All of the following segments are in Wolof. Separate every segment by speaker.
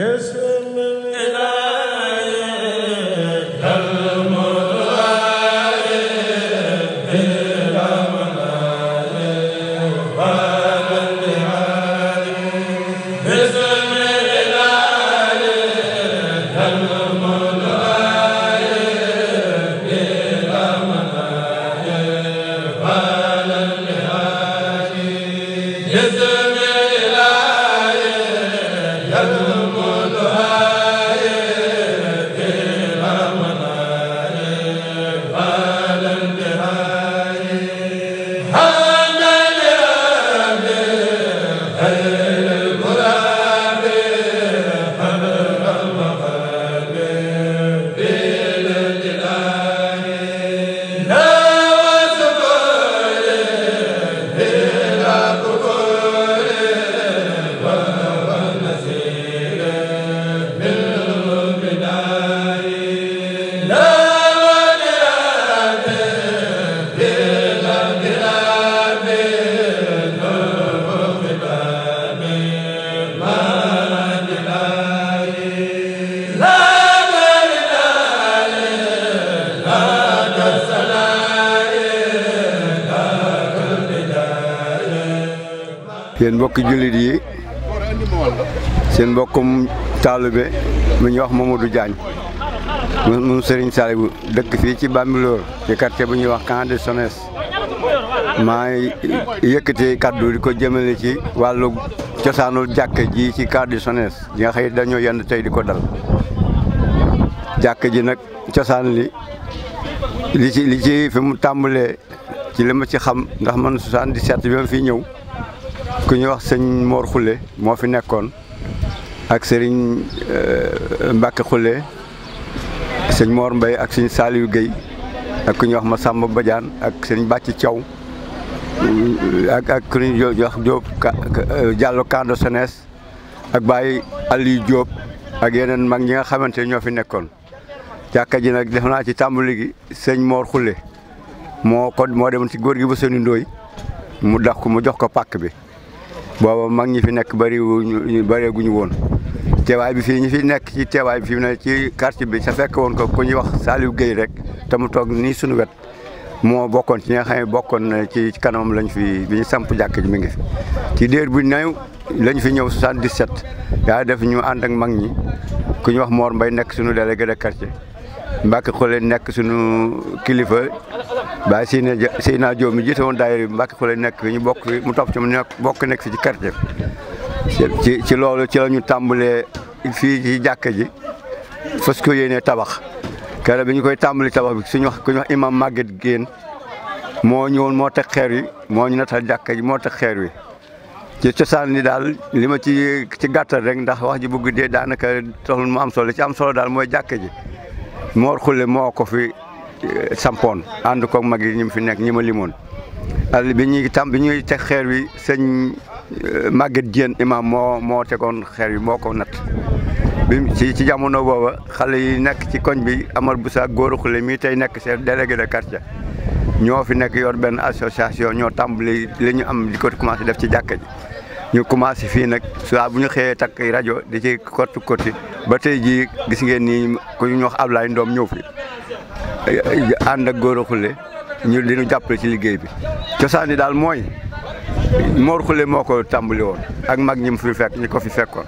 Speaker 1: Yes, yéen mbokki jullit yi seen mbokkum taalibe mu ñuy wax Mamadou Diagne moom Serigne Saliou dëkk fii ci Bambilor ci quartier bu ñuy wax Camp de Sonnes maa yëkkatee kàddu di ko jëmale ci wàllu cosaanul jàkk ji ci Camp de Sonnes di nga xëy dañoo yenn tey di ko dal jàkk ji nag cosaan li li ci li ci fi mu tàmbalee ci li ma ci xam ndax man 77 bi ma fi ñëw ku ñuy wax sëñ Mor Khoule moo fi nekkoon ak sëriñ euh, Mbacke xule sëñ moor mbay ak sëñ Saliou Guèye ak ku ñuy wax ma Massamba Badiane ak sëñ Bàcci Thiaw ak ak ku ñuy wax Diop euh, Diallo Kando Senes ak Baye Aliou Diop ak yeneen mag ñi nga xamante ne ñoo fi nekkoon jàkka ji nag def naa ci tàmbali gi sëñ Mor Khoule moo ko moo demoon ci góor gi ba seeni ndooy mu dax ko mu jox ko pàkk bi booba mag ñi fi nekk bëri ñu bëree guñu woon teewaay bi fii ñi fi nekk ci teewaay bi fii ne ci quartier bi sa fekk woon ko ku ñuy wax Saliou Guèye rek te mu toog nii suñu wet moo bokkoon ci ñi nga bokkoon na ci kanam lañ fi bi ñu samp jàkk ji mi ngi fi ci déer bu néew lañ fi ñëw 77 yaa def ñu ànd ak mag ñi ku ñu wax Mor Mbaye nekk suñu délégué de quartier Mbacke Xule nekk suñu kilifa waaye Seyna naa Diop mi jiite woon daayira bi Mbacke Xule nekk fi ñu bokk fi mu topp ci mu nekk bokk nekk fi ci quartier ci ci loolu ci la ñu tàmbalee fii ci jàkka ji fas ko yéenee tabax keroog bi ñu koy tàmbali tabax bi suñu wax ku ñu wax imam Maguette moo ñëwoon moo teg xeer yi moo ñu natal jàkka ji moo teg xeer wi ci cosaan ni daal li ma ci ci gàttal rek ndax wax ji bëgg dee daanaka taxul mu am solo ci am solo daal mooy jàkka ji Xule moo ko fi Eh, sampoon ànd koog mag yi ñu fi nekk ñi ma limoon al bi ñi tam bi ñuy teg xeer wi sëñ eh, Maguette Diène imam moo tegoon xeer wi moo ko natt bi ci ci jamono booba xale yi nekk ci koñ bi Amar Boussa Góor Xule mii tey nekk seen délégué de quartier ñoo fi nekk yor benn association ñoo tàmbali li ñu am di ko commencé def ci jàkka ñu commencé fii nag saa bu ñu xëyee takk rajo di ci kott kotti ba tey jii gis ngeen ni ku ñu wax Ablaye Ndoom ñëw fi ànd ak Gora Khoule ñu di ñu ci liggéey bi cosaan yi daal mooy Mor Khoule moo ko tàmbali woon ak mag ñi mu fi fekk ñi ko fi fekkoon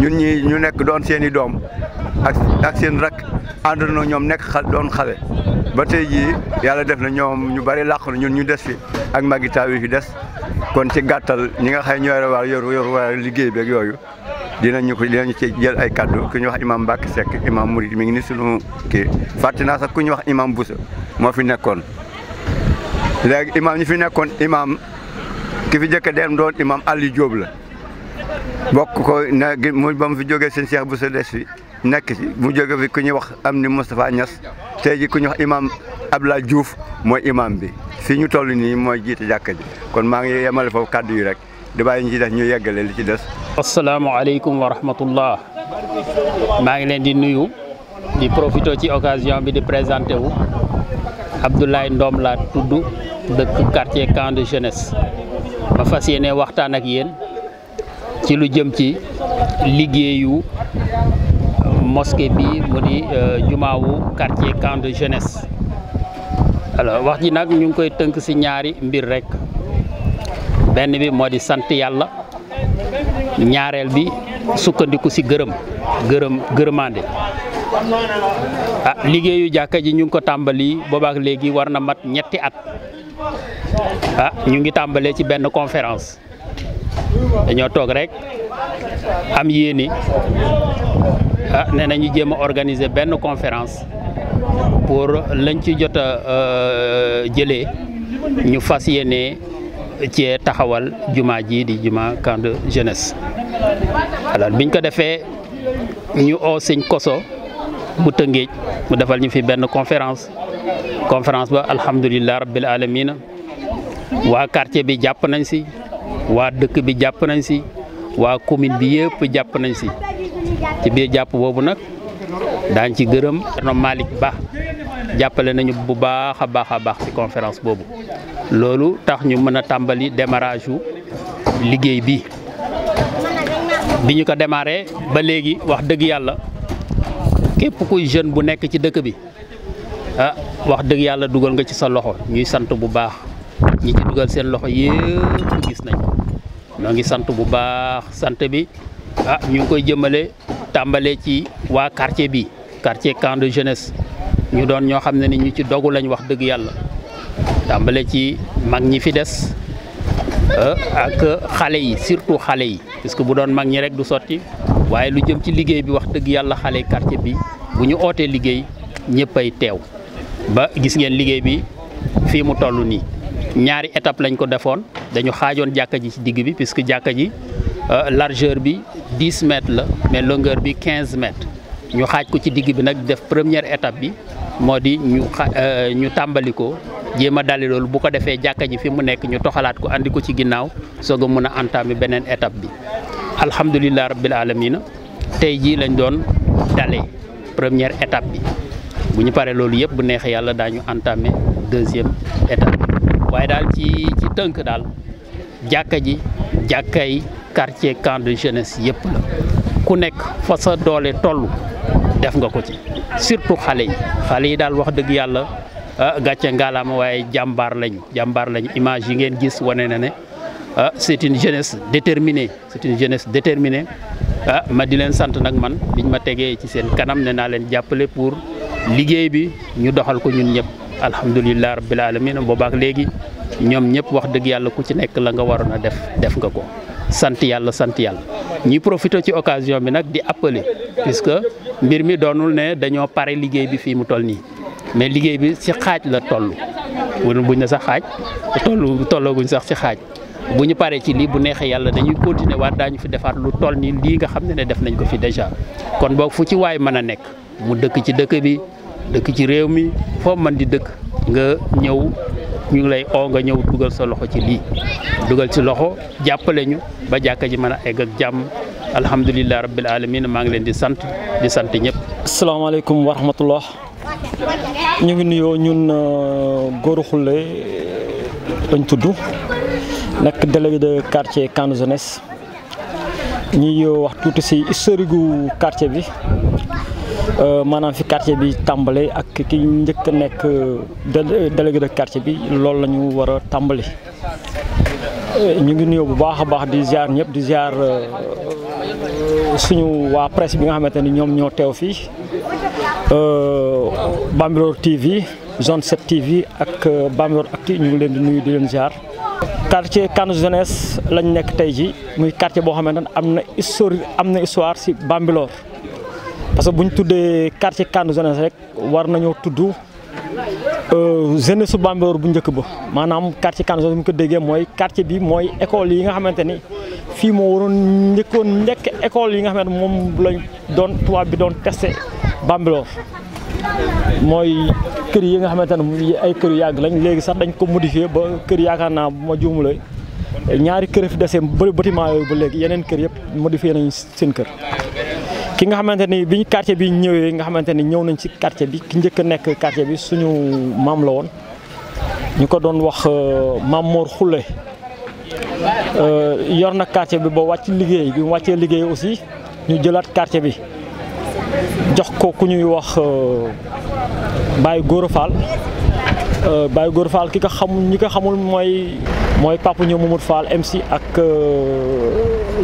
Speaker 1: ñun ñi ñu nekk doon seen i doom ak ak seen rak ànd na ñoom nekk doon xale ba tey ji yàlla def na ñoom ñu bari làq na ñun ñu des fi ak magi taaw yi fi des kon ci gàttal ñi nga xam ñooy war yor yor war liggéey beeg yooyu dinañu ko dinañu ci jël ay kaddu ku ñu wax imam Mbacke Seck imam Mouride mi ngi ni sunu ki fàtte naa sax ku ñu wax imam Boussa moo fi nekkoon léegi imam ñi fi nekkoon imam ki fi njëkk a dem doon imam Aliou Diop la bokk ko na mu ba mu fi jógee seen Cheikh Boussa des fi nekk ci mu jóge fi ku ñuy wax am ni Moustapha Niass te ji ku ñuy wax imam Abdoulaye Diouf mooy imam bi si ñu toll nii mooy jiit jàkka ji kon maa ngi yamale foofu kaddu yi rek di bàyyi ñu ci def ñu yeggale li ci des. asalaamaaleykum wa rahmatullah
Speaker 2: maa ngi leen di nuyu di profité ci occasion bi di présenté wu Abdoulaye Ndom laa tudd dëkk quartier camp de jeunesse ma fas yéene waxtaan ak yéen ci lu jëm ci liggéeyu mosquée bi mu di euh, jumaawu quartier camp de jeunesse alors wax ji nag ñu ngi koy tënk si ñaari mbir rek. benn bi moo di sant yàlla ñaareel bi sukkandiku si gërëm gërëm gërëmaande ah liggéeyu jàkka ji ñu ngi ko tàmbali boobaak léegi war na mat ñetti at ah ñu ngi tàmbalee ci benn conférence dañoo toog rek am yéene ah nee nañu jéem a organiser benn conférence pour lañ ci jot a euh, jëlee ñu fas cee taxawal juma ji di juma kand de jeunesse biñ ko defee ñu oo sëñ koso bu tëngéej mu defal ñu fi benn conférence conférence ba alhamdulilah rabbil alamina waa quartier bi jàpp nañ si waa dëkk bi jàpp nañ si waa commune bi yëpp jàpp nañ si ci biir jàpp boobu nag daañ ci gërëm Malick Ba jàppale nañu bu baax a baax a baax ci conférence boobu loolu tax ñu mën a tàmbali démarrage yu liggéey bi bi ñu ko démarré ba léegi wax dëgg yàlla képp kuy jeune bu nekk ci dëkk bi ah wax dëgg yàlla dugal nga ci sa loxo ñuy sant bu baax ñi ci dugal seen loxo yëpp gis nañ ñoo ngi sant bu baax sant bi ah ñu ngi koy jëmale tàmbalee ci waa quartier bi quartier camp de jeunesse ñu doon ñoo xam ne ni ñu ci dogu lañ wax dëgg yàlla tàmbale ci mag ñi fi des eh, ak xale yi surtout xale yi puisque bu doon mag ñi rek du sotti waaye lu jëm ci liggéey bi wax dëgg yàlla xale quartier bi bu ñu ootee liggéey ñëppay teew ba gis ngeen liggéey bi fii mu toll nii ñaari étape lañ ko defoon dañu xaajoon jàkka ji ci digg bi puisque jàkka ji eh, largeur bi 10 mètres la mais longeur bi 15 mètres ñu xaaj ko ci digg bi nag def première étape bi moo di ñu xa euh, ñu tàmbali ko jéem a dali loolu bu ko defee jàkka ji fi mu nekk ñu toxalaat ko andi ko ci ginnaaw soog a mun a entamer beneen étape bi alhamdulilah rabbil alamina tey jii lañ doon dale première étape bi bu ñu paree loolu yëpp bu neexee yàlla daañu entamer deuxième étape waaye daal ci ci tënk daal jàkka ji jàkkay quartier camp de jeunesse yëpp la ku nekk fa sa doole toll def nga ko ci surtout xale yi xale yi daal wax dëgg yàlla ah, gàcce ngaalaama waaye jàmbaar lañu jàmbaar lañu image yi ngeen gis wane na ne ah, c'est une jeunesse déterminée c'est une jeunesse déterminée ah ma di leen sant nag man biñ ma tegee ci seen kanam ne naa leen jàppale pour liggéey bi ñu doxal ko ñun ñëpp alhamdulilah rabbil alamin boobaak léegi ñoom ñëpp wax dëgg yàlla ku ci nekk la nga waroon a def def nga ko sant yàlla sant yàlla ñi profité ci occasion bi nag di appeler puisque mbir mi doonul ne dañoo pare liggéey bi fii mu toll nii mais liggéey bi ci xaaj la toll wala buñ ne sax xaaj toll tollooguñ sax ci xaaj bu ñu paree ci lii bu neexee yàlla dañuy continuer waat daañu fi defaat lu toll nii lii nga xam ne ne def nañ ko fi déjà kon boog fu ci waay mën a nekk mu dëkk ci dëkk bi dëkk ci réew mi foo mën di dëkk nga ñëw ñu ngi lay oo nga ñëw dugal sa loxo ci lii dugal ci loxo jàppale ñu ba jàkka ji mën a egg ak jàmm alhamdulilah rabbil alamin maa ngi leen di sant di sant ñëpp. asalaamaaleykum wa rahmatullah ñu ngi nuyoo ñun
Speaker 3: euh, Gora Khoule euh, lañ tudd nekk délégué de quartier Kanu jeunesse ñuy wax tuuti si historique gu quartier bi. Euh, maanaam fi quartier bi tàmbale ak ki njëkk a nekk euh, euh, délégué de quartier bi loolu lañu ñu war a tàmbali ñu ngi nuyoo bu baax a baax di ziar ñëpp di ziar suñu waa presse bi nga xamante ni ñoom ñoo teew fii Bambilor TV Zone 7 TV ak Bambilor Actu ñu ngi leen di nuyu di leen ziar. quartier Kane jeunesse lañ nekk tey ji muy quartier boo xamante ne am na histoire am na histoire si Bambilor. parce que buñ tuddé quartier kàndu jeunesse rek war nañu nañoo euh jeunesse sou bambeur bu njëkk ba manam quartier kàndu jeunesse mu ko déggé moy quartier bi moy école yi nga xamanteni fi mo waron ñëkkon njëkkoon école yi nga xamanteni mom lañ doon tubaab bi doon testé bambeur moy kër yi nga xamanteni ne ay kër yu yàgg lañ légui sax dañ ko modifier ba kër yakarna mo bu ma ñaari kër fi dese bâtiment yooyu bu légui yenen kër yépp modifier nañ seen kër ki nga xamanteni ni bi quartier bi ñëwé nga xamanteni ni ñëw nañ ci quartier bi ki ñëk nekk quartier bi suñu mam la won ñu ko doon wax euh, mam Mor euh yor na quartier bi ba wacc liggéey bi mu waccé liggéey aussi ñu jëlat quartier bi jox ko ku ñuy wax Baye gorofal euh Baye gorofal euh, ki ko xam ñi ko xamul moy moy papu ñu mamour Fall MC ak euh,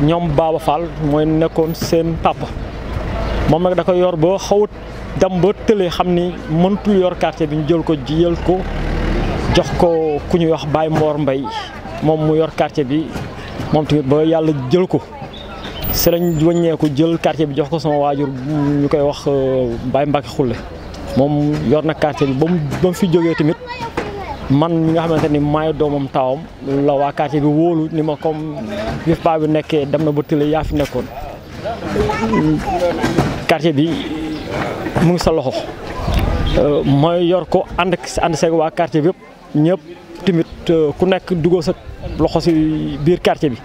Speaker 3: ñom Baba Fall moy nekkon sen papa. moom nag da ko yor boo xaw a ba tële xam ni mëntul yor quartier bi ñu jël ko jël ko jox ko ku ñuy wax Baye Mor Mbay moom mu yor quartier bi moom tamit ba yàlla jël ko si lañ wëññeeku jël quartier bi jox ko sama waajur ñu koy wax euh, baay Mbacke Xulle moom yor na quartier bi ba mu fi jógee tamit man mi nga xamante ni maay doomam taawam la waa quartier bi wóolu ni ma comme yëf baa bi nekkee dem na ba tële yaa fi nekkoon. quartier bi mu ngi sa loxo euh, mooy yor ko ànd ànd waa quartier bi yëpp ñëpp tamit euh, ku nekk duggoo sa loxo si biir quartier bi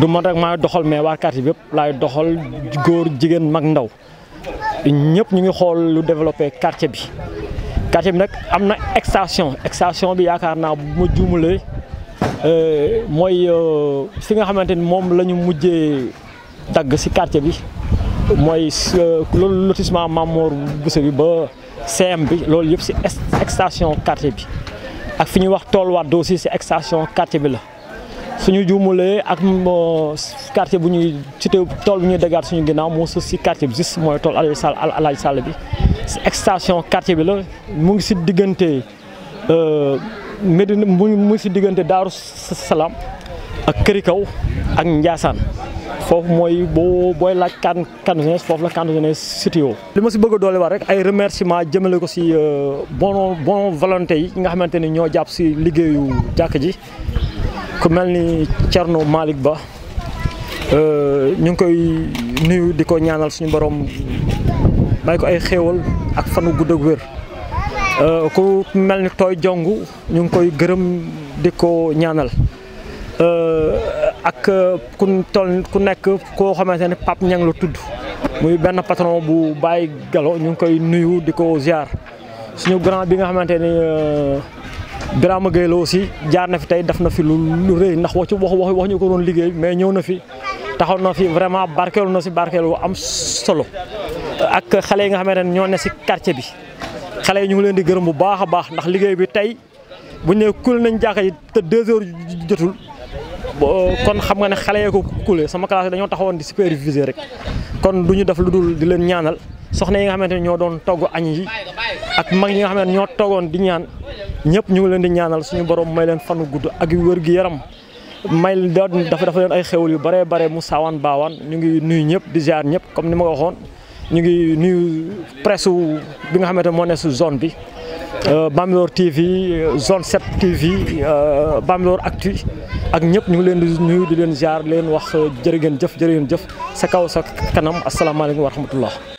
Speaker 3: du man rek maa doxal mais waa quartier bi yëpp laay doxal góor jigéen mag ndaw ñëpp ñu ngi xool lu développé quartier bi quartier bi nag am na extension extension bi yaakaar naa bu ma juumalee euh, mooy fi nga xamante ni moom lañu ñu mujjee dagg si quartier bi mooy euh, loolu lotissement Mamor buse bi ba CM bi loolu yëpp si extension quartier bi ak fi ñuy wax tool Wade aussi si extension quartier bi la suñu juumalee ak euh, quartier bu ñuy cité tool bu ñuy déggaat suñu ginnaaw moo suuf si quartier bi juste mooy tool Alaaji Sall Alaaji Sall bi si extension quartier bi la mu ngi si diggante euh, Medina mu ngi si diggante Daaru Salaam ak Kër Kaw ak Njaasaan fofu moy bo boy laaj kan kan jeunes fofu la kan jeunes sitio woo. ci si bëgg doole wa rek ay remerciement jëmele ko si euh, bon bon volonté yi nga xamanteni ni japp ci si liggéeyu jakk ji ku mel ni malik ba Ba euh, ñu koy nuyu diko ñaanal suñu borom bay ko ay xéewal ak fanu gudd ak euh ku mel ni jongu ñu koy gërëm diko ñaanal. Euh, ak ku tol ku nek ko xamante pap ñang Niang la tudd muy ben patron bu Baye galo ñu koy nuyu diko ziar suñu grand bi nga xamante drama euh, Birama Gueye aussi jaar na fi tay daf na fi lu reey rëy ndax wax ci wax wax wax ñu ko doon liggey mais ñew na fi taxaw na fi vraiment barkelu na ci barkelu am solo ak xalé nga xamante ne ñoo ne ci quartier bi xalé ñu ngi leen di gërëm bu baaxa baax ndax liggey bi tay bu ñu kul nañ jàkka te 2 heures jotul kon xam nga ne xale yee ko kule sama classe dañoo taxawoon di superviser rek kon du ñu def lu dul di leen ñaanal soxna yi nga xamante ne ñoo doon togg añ yi ak mag yi nga xamante ne ñoo toogoon di ñaan ñëpp ñu ngi leen di ñaanal suñu borom may leen fanu gudd ak wér gi yaram may dafa dafa leen ay xewal yu bare bare mu saawaan baawaan ñu ngi nuyu ñëpp di ziar ñëpp comme ni ma ko waxoon ñu ngi nuyu presse bi nga xamante ne moo ne su zone bi Euh, Bambilor TV euh, Zone 7 TV euh, Bambilor Actu ak ñëpp ñu ngi leen di nuyu di leen ziar leen wax jërë ngeen jëf jërë ngeen jëf sa kaw sa kanam asalaamaaleykum wa rahmatullah